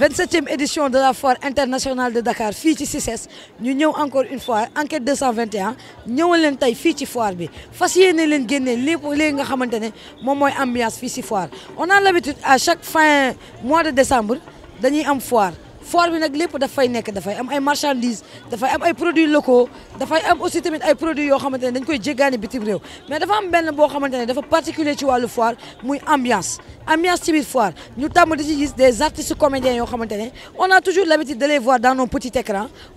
27e édition de la foire internationale de Dakar fii ci CICES ñu ñëw encore une fois enquête 221 ñëwal leen tey fii ci foire bi fas yéene leen génnee lépp léegi nga xamante ne moom mooy ambiance fii ci foire on a l'habitude à chaque fin mois de décembre dañuy am foire foire bi nag lépp dafay nekk dafay am ay marchandises dafay am ay produits locaux dafay am aussi tamit ay produits yoo xamante ne dañ koy jéggaani bitim réew mais dafa am benn boo xamante ne dafa particulier ci wàllu foire muy ambiance ambiance ci biir foire ñu tàmm di ci gis des artistes comédiens yoo xamante ne on a toujours l'habitude de les voir dans nos petits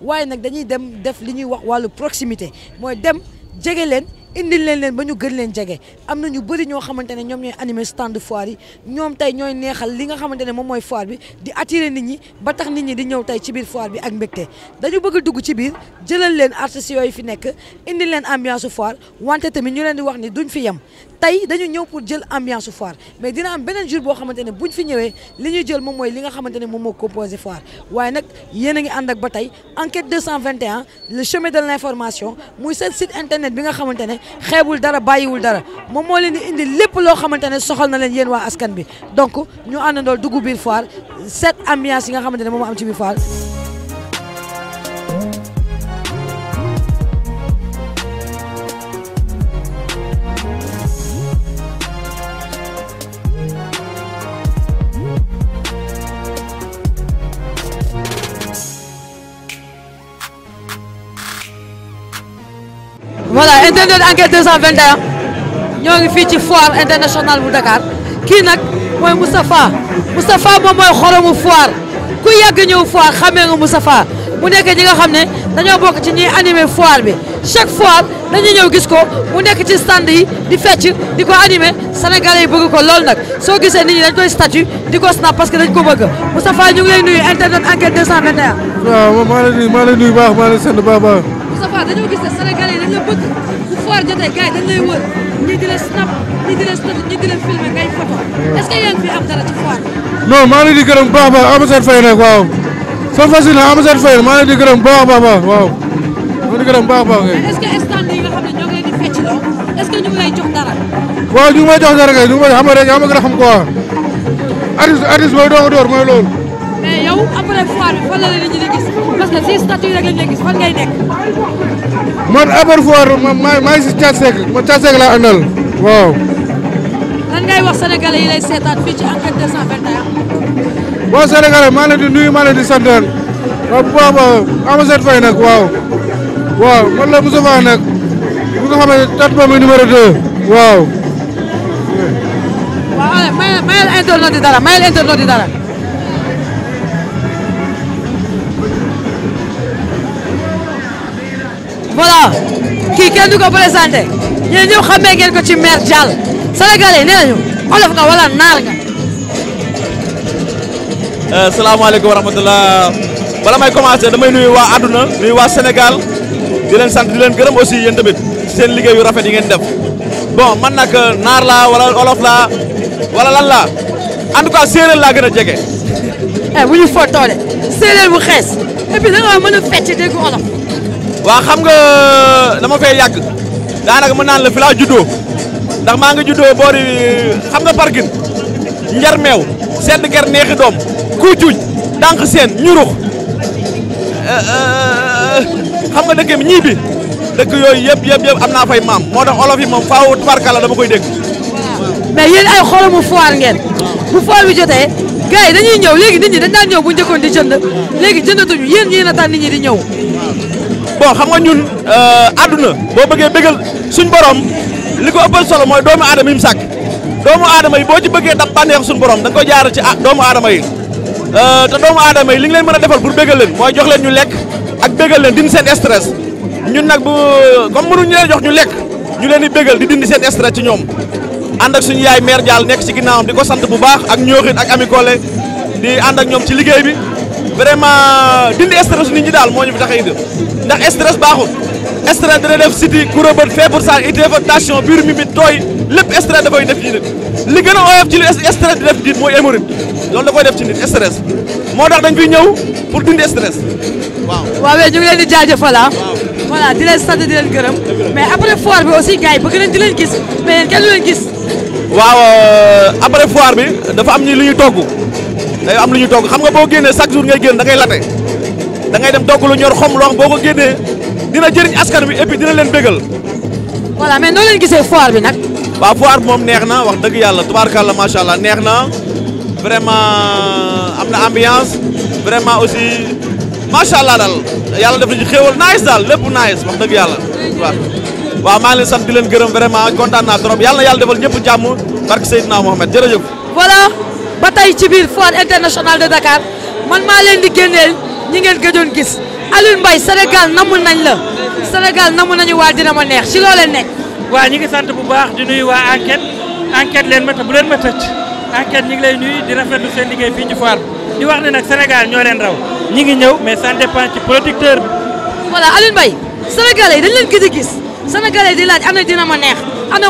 waaye nag dañuy dem def li ñuy wax wàllu proximité mooy dem jege leen indi leen leen ba ñu gën leen jege am na ñu bëri ñoo xamante ne ñoom ñooy animé stand foire yi ñoom tey ñooy neexal li nga xamante ne moom mooy foire bi di attirer nit ñi ba tax nit ñi di ñëw tey ci biir foire bi ak mbégte dañu bëgg dugg ci biir jëlal leen artistes yooyu fi nekk indi leen ambiance foir wante tamit ñu leen di wax ni duñ fi yem tey dañuy ñëw pour jël ambiance foire mais dina am beneen jour boo xamante ne buñ fi ñëwee li ñuy jël moom mooy li nga xamante moom moo composé foire waaye nag yéen a ngi ànd ak ba tey enquête 221 le chemin de l' information muy seen site internet bi nga xamante ne xeebul dara bàyyiwul dara moom moo leen di indi lépp loo xamante ne soxal na leen yéen waa askan bi donc ñu àndandool dugg biir foire set ambiance yi nga xamante ne moom am ci biir internet enquête 221 ñoo ngi fii ci foire internationale bu Dakar kii nag mooy Moustapha Moustapha moom mooy xoromu foire ku yàgg ñëw foire xamee nga Moustapha mu nekkee ñi nga xam ne dañoo bokk ci ñuy animé foire bi chaque foire dañuy ñëw gis ko mu nekk ci stand yi di fecc di ko animé sénégalais yi bëgg ko lool nag soo gisee nit ñi dañ koy statut di ko snap parce que dañ ko bëgg Moustapha ñu ngi lay nuyu internet enquête 221. waaw maa ngi lay maa ngi Moustapha dañoo gis ne Sénégalais yi dañ la bëgg bu foor jotee gars yi dañ lay wër di la snap ñii di la snap ñii di la filmer ngay fi am dara ci foor non maa ngi leen di gërëm baax baax Amsatou Faye nag waaw soo fas yéene Amsatou Faye maa ngi di gërëm baax baax baax waaw maa di gërëm baax baax kay. est-ce que stand yi ne ñoo ngi leen fecc loo est ñu ngi lay jox dara. waaw ñu ngi may jox dara ñu ngi may xam rek yaa ma gën a xam quoi artiste artiste door mooy loolu mais yow après foire bi fan la ñi di si statut rek lañ lay man après foire ma ma maa si Thiat Seck ma Thiat Seck laa àndal waaw. lan ngay wax sénégalais yi lay seetaan fii ci Enquête 221. bon sénégalais maa leen di nuyu maa leen di sant waaw bu baax a Amazane Faye nag waaw waaw man la Moussa Faye nag bu nga xam ne tat moom numéro 2 waaw. waaw mayal mayal internaute dara mayal internaute dara. voilà kii kenn du ko présenté ñeneen ñëw xamee ngeen ko ci maire Diall sénégalais nee olof nga wala naar nga. Euh, salaamaaleykum wa rahmatulah bala may commencé damay nuy waa àdduna nuyu waa Sénégal di sant di leen gërëm aussi yéen tamit seen liggéey yu rafet yi ngeen def bon man nag euh, naar laa wala olof laa wala lan laa en tout cas séeréer laa gën a jege. eh bu ñu fotoole bu xees et puis da nga a fecc dégg olof. waa xam nga dama fee yàgg daanaka mën naan la fi laa ndax maa ngi juddoo boori xam nga parkin njar meew sedd ger neexi doom kuucuuj dànq seen ñurux eh, eh, xam nga dëkk bi ñii bi dëkk yooyu yëpp yëpp yëpp am naa fay maam moo tax olof yi moom faaw tubarkalla dama koy dégg. mais yéen ay xolamu foire ngeen bu foire bi jotee gars yi dañuy ñëw léegi nit ñi dañ daan ñëw bu njëkkoon di jënd léegi jëndatuñu yéen yéen a tax nit ñi di ñëw. bon xam nga ñun euh, àdduna boo bëggee bëggal suñ borom li ko ëppal solo mooy doomu aadama yi mu sàkk doomu aadama yi boo ci bëggee dab bànneex suñu borom da nga koy jaar ci ah, doomu aadama yi euh, te doomu aadama yi li nga leen mën a defal pour bëggal leen mooy jox leen ñu lekk ak bëggal leen dindi seen stress ñun nag bu comme mënuñu leen jox ñu lekk ñu leen di bëggal di dindi seen stress ci ñoom ànd ak suñu yaay mère Diall nekk ci am di ko sant bu baax ak ñooxit ak ami Kole di ànd ak ñoom ci liggéey bi vraiment dindi stress nit ñi daal moo ñu fi tax a indi ndax stress baaxul stress dina def siti gros bët feebar saa hypertension biir mi mi tooy lépp stress dafay def ci nit li gën a oyof ci li stress di def nit mooy hémorroïde loolu da koy def ci nit stress moo tax dañ fiy ñëw pour dindi stress waaw. waaw mais ñu ngi leen di jaajëfal ah. voilà di leen sant di leen gërëm. mais après foire bi aussi gars bëgg nañ di leen gis mais yéen kenn du leen gis. waaw euh, après foire bi dafa am ñu lu ñuy togg day am lu ñuy togg xam nga boo génnee chaque jour ngay génn da ngay late da ngay dem togg lu ñor xom loo boo ko génnee dina jëriñ askan wi et dina leen bégal. voilà mais noo leen gisee foire bi nag. waaw foire bi moom neex na wax dëgg yàlla tubaarkàlla macha allah neex na vraiment am na ambiance vraiment aussi macha allah daal yàlla def na ci xéewal nice daal lépp nice wax dëgg yàlla waaw. waaw maa ngi leen sant di gërëm vraiment kontaan naa trop yàlla na yàlla defal ñëpp jàmm barke Seydina Mohamed jërëjëf. voilà ba tey ci biir foire internationale de dakaar man maa leen di génneel ñi ngeen gëjoon gis Alioune Mbaye Sénégal namu nañ la Sénégal namu nañu waa dina ma neex ci loolee nekk. waaw ñi ngi sant bu baax di nuyu waa enquête enquête leen ma bu leen ma tëj enquête ñi ngi lay nuyu di rafetlu seen liggéey fii ci foire di wax ne nag Sénégal ñoo leen raw ñi ngi ñëw mais ça dépend ci producteur bi. voilà Alioune Mbaye Sénégalais dañ leen gëj gis sénégalais di laaj ana dina ma neex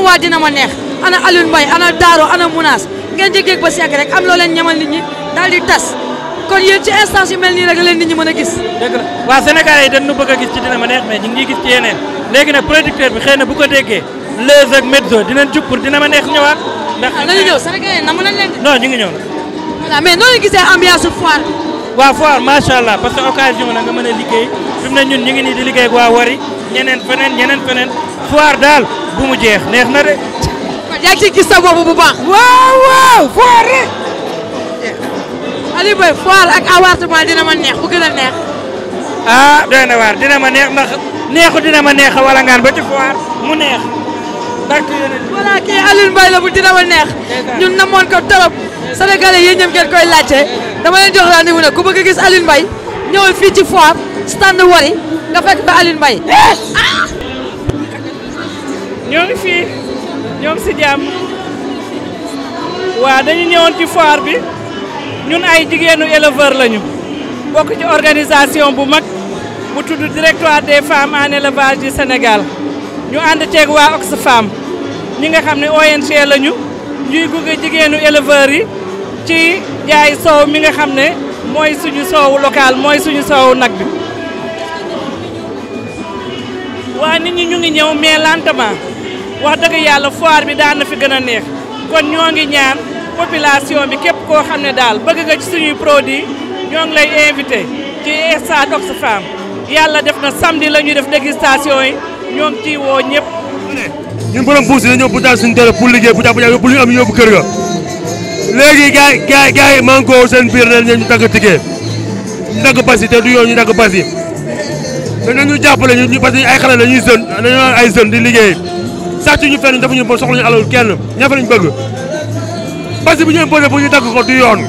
waa dina ma neex ana Alioune Mbaye ana Daaro ana Mounass ngeen jékki-jékki ba seeg rek am loo leen ñamal nit ñi daal di tas kon yéen ci instance yu mel nii rek leen nit ñi mën gis. dëgg la waa sénégalais yi dañu bëgg a gis ci dina ma neex mais ñu gis ci yeneen léegi nag producteur bi xëy na bu ko déggee les ak mezzo dinañ jub dina ma neex ñëwaat. ndax ah, nañu ñëw sénégalais nam nañ leen non ñu ngi ñëw voilà mais noonu gisee ambiance foire bi. waaw foire macha allah nga mën a liggéey fi ñu ngi nii di liggéey ak waa ñeneen feneen ñeneen feneen foire daal bu mu jeex neex na de. kon yaa ngi ciy gis sa boobu bu baax. waaw waaw foire rek. Aliou Mbaye foire ak avortement dina ma neex bu gën a neex. ah doy na waar dina ma neex ndax neexu dina ma neex wala ngaan ba ci mu neex. barke yeneen voilà kii la bu dina ma neex. ñun namoon ko trop. Sénégalais yi ñoom ngeen koy laajte. dama leen jox rendez-vous nag ku bëgg gis alin bay ñëwal fii ci foire stand Wally nga fekk ba Aline Mbaye. ñoo ngi fii ñoom si jàmm waaw dañu ñëwoon ci foire bi ñun ay jigéenu éleveur lañu bokk ci organisation bu mag bu tudd directoire des femmes en élevage senegal ñu ànd ceeg waa Oxfam ñi nga xam ne ONG lañu ñuy gunge jigéenu éleveurs yi ci jaay soow mi nga xam ne. mooy suñu soow local mooy suñu soow nag bi waa nit ñi ñu ngi ñëw mais wax dëgg yàlla foire bi daan na fi gën a neex kon ñoo ngi ñaan population bi képp koo xam ne daal bëgg nga ci suñuy produit ñoo ngi lay invité ci stade Oxfam yàlla def na samedi la ñuy def dégustation yi ñoo ngi ciy woo ñëpp. ñun borom buus yi dañoo bu daal suñu tere pour liggéey bu jàpp yóbbu lu am yóbbu kër ga. léegi gars yi gars yi gars yi maa seen biir ne ñu dagg ticket ñu dagg bas te du yoon ñu dagg bas yi te nañu jàppale ñu ñu parce que ay xale la ñuy jeune dañoo ay jeune di liggéey sàcc ñu fenn defuñu bon soxla ñu alal kenn ñafe lañu bëgg bas bu ñu imposé bu ñu dagg ko du yoon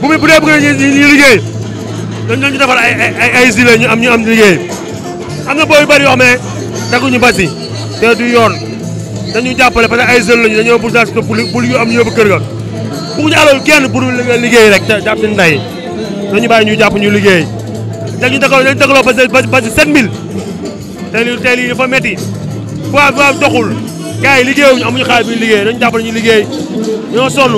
bu muy bu dee bëgg ñu liggéey dañ ñu defal ay ay ay ñu am ñu am liggéey am na booy bëri yoo xam ne dagguñu bas yi te du yoon dañu jàppale parce que ay jeune lañu dañoo bourgeois pour lu am ñu yóbbu kër ga bëgguñu alal kenn bu dul liggéey rek te jàpp si bàyyi ñu jàpp ñu liggéey teg ñu dëkkaloo dañu dëkkaloo ba si 7000 tey lii tey lii dafa métti poids bi waaw doxul gars yi liggéeyuñu amuñu xaalis bi liggéey dañu jàpp ñu liggéey ñoo sonn.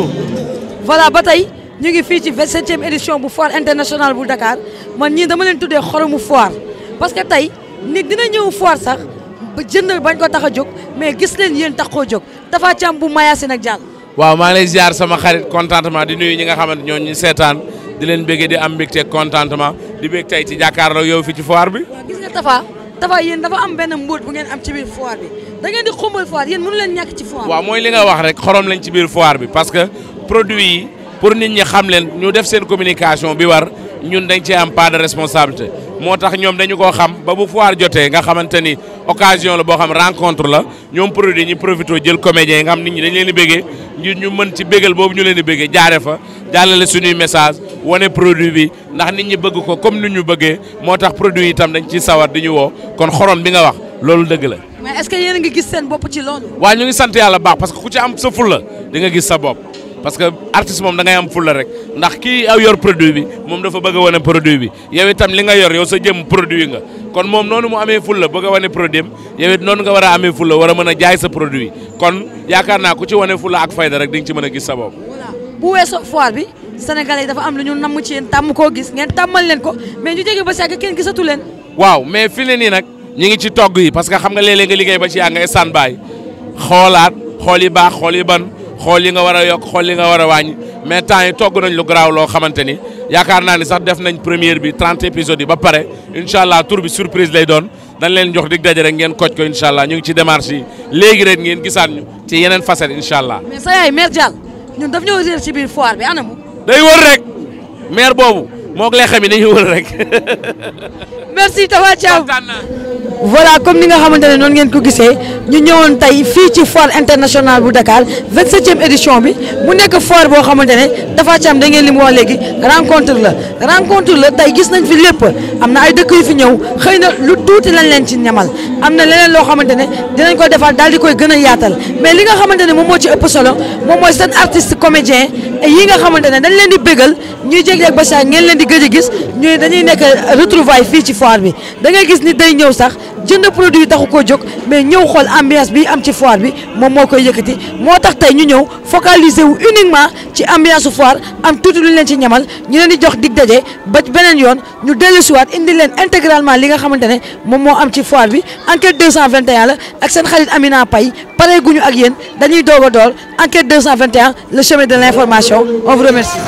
voilà ba tey ñu ngi fii ci 27e bu foire international bu Dakar man ñii dama leen tuddee xoromu foire parce que tey nit dina ñëw foire sax ba jënd bañ ko tax a jóg mais gis leen yéen tax koo jóg dafa ci am bu mayaasi nag jàll. waaw maa ngi sama xarit kontantement di nuyu ñi nga xamante ñoo ñi seetaan di leen bëggee di am mbégte contentement di bëgg tey ci jàkkaarloo yow fi ci foire bi. waaw gis nga dafa am benn mbóot bu ngeen am ci biir foire bi da di xumbal foire mooy li nga wax rek xorom lañ ci biir foire bi parce que produit yi pour nit ñi xam leen ñu def seen communication bi war ñun dañ ci am part de responsabilité moo tax ñoom dañu koo xam ba bu foire jotee nga xamante ni occasion la boo xam rencontre la ñoom produit ñi profité jël comédiens yi nga xam nit ñi dañ leen di béggee ngir ñu mën ci bégal boobu ñu leen di béggee jaare fa jàllale suñuy message wane produit bi ndax nit ñi bëgg ko comme nu ñu bëggee moo tax produit itam dañ ci sawar di ñu woo kon xorom bi nga wax loolu dëgg la. mais est-ce que yéen ngi gis seen bopp ci loolu. waaw ñu ngi sant yàlla baax parce que ku ci am sa fula di nga gis sa bopp. parce que artiste moom da ngay am fulla rek ndax kii aw yor produit bi moom dafa bëgg a wane produit bi yow itam li nga yor yow sa jëm produit nga kon moom noonu mu amee fulla bëgg a wane produit am yow it noonu nga war a amee fulla war a mën a jaay sa produit kon yaakaar naa ku ci wane fulla ak fayda rek di ci mën a gis sa bopp. bu weesoo foire bi Sénégalais yi dafa am lu ñu namm ci yéen tàmm koo gis ngeen tàmmal leen ko mais ñu jege ba sàkk kenn gisatu leen. waaw mais fi ne nii nag ñu ngi ci togg yi parce que xam nga léeg liggéey ba ci yaa nga standby xoolaat xool yi baax xool yi ban xool li nga war a yokk xool li nga war a wàññi mais temps yi togg nañ lu graaw loo xamante ni yaakaar naa ni sax def nañ première bi 30 épisodes yi ba pare incha allah tour bi surprise lay doon dañ leen jox di daje rek ngeen koj ko incha allah ñu ngi ci démarche yi léegi rek ngeen gisaat ñu ci yeneen facette incha allah. mais sa yaay mère Diall ñun daf ñoo réer ci biir foire bi anamu. day wër rek mère boobu. moo ko lay xam ne dañuy wër rek. merci Tapha Thiam voilà comme ni nga xamante ne noonu ngeen ko gisee ñu ñëwoon tey fii ci foire international bu Dakar 27e édition bi mu nekk foire boo xamante ne Tapha Thiam da ngeen li mu wax léegi rencontre la rencontre la tey gis nañ fi lépp am na ay dëkk yu fi ñëw xëy na lu tuuti lañ leen ci ñamal am na leneen loo xamante ne dinañ ko defal daal di koy gën a yaatal mais li nga xamante ne moom moo ci ëpp solo moom nga xamante ne dañ leen di bégal ñuy jéglek leen di gëj a gis ñooy dañuy nekk retrouvaille fii ci foire bi da ngay gis ni day ñëw sax jënd produit taxu ko jóg mais ñëw xool ambiance bi am ci foire bi moom moo koy yëkkati moo tax tey ñu ñëw focaliser wu uniquement ci ambiance su foire am tuuti lu leen ci ñamal ñu leen di jox dig daje ba beneen yoon ñu dellusiwaat indi leen intégralement li nga xamante ne moom moo am ci foire bi enquête 221 la ak seen xarit Amina Paye pare guñu ak yéen dañuy doog a door enquête 221 le chemin de l'information on vous remercie.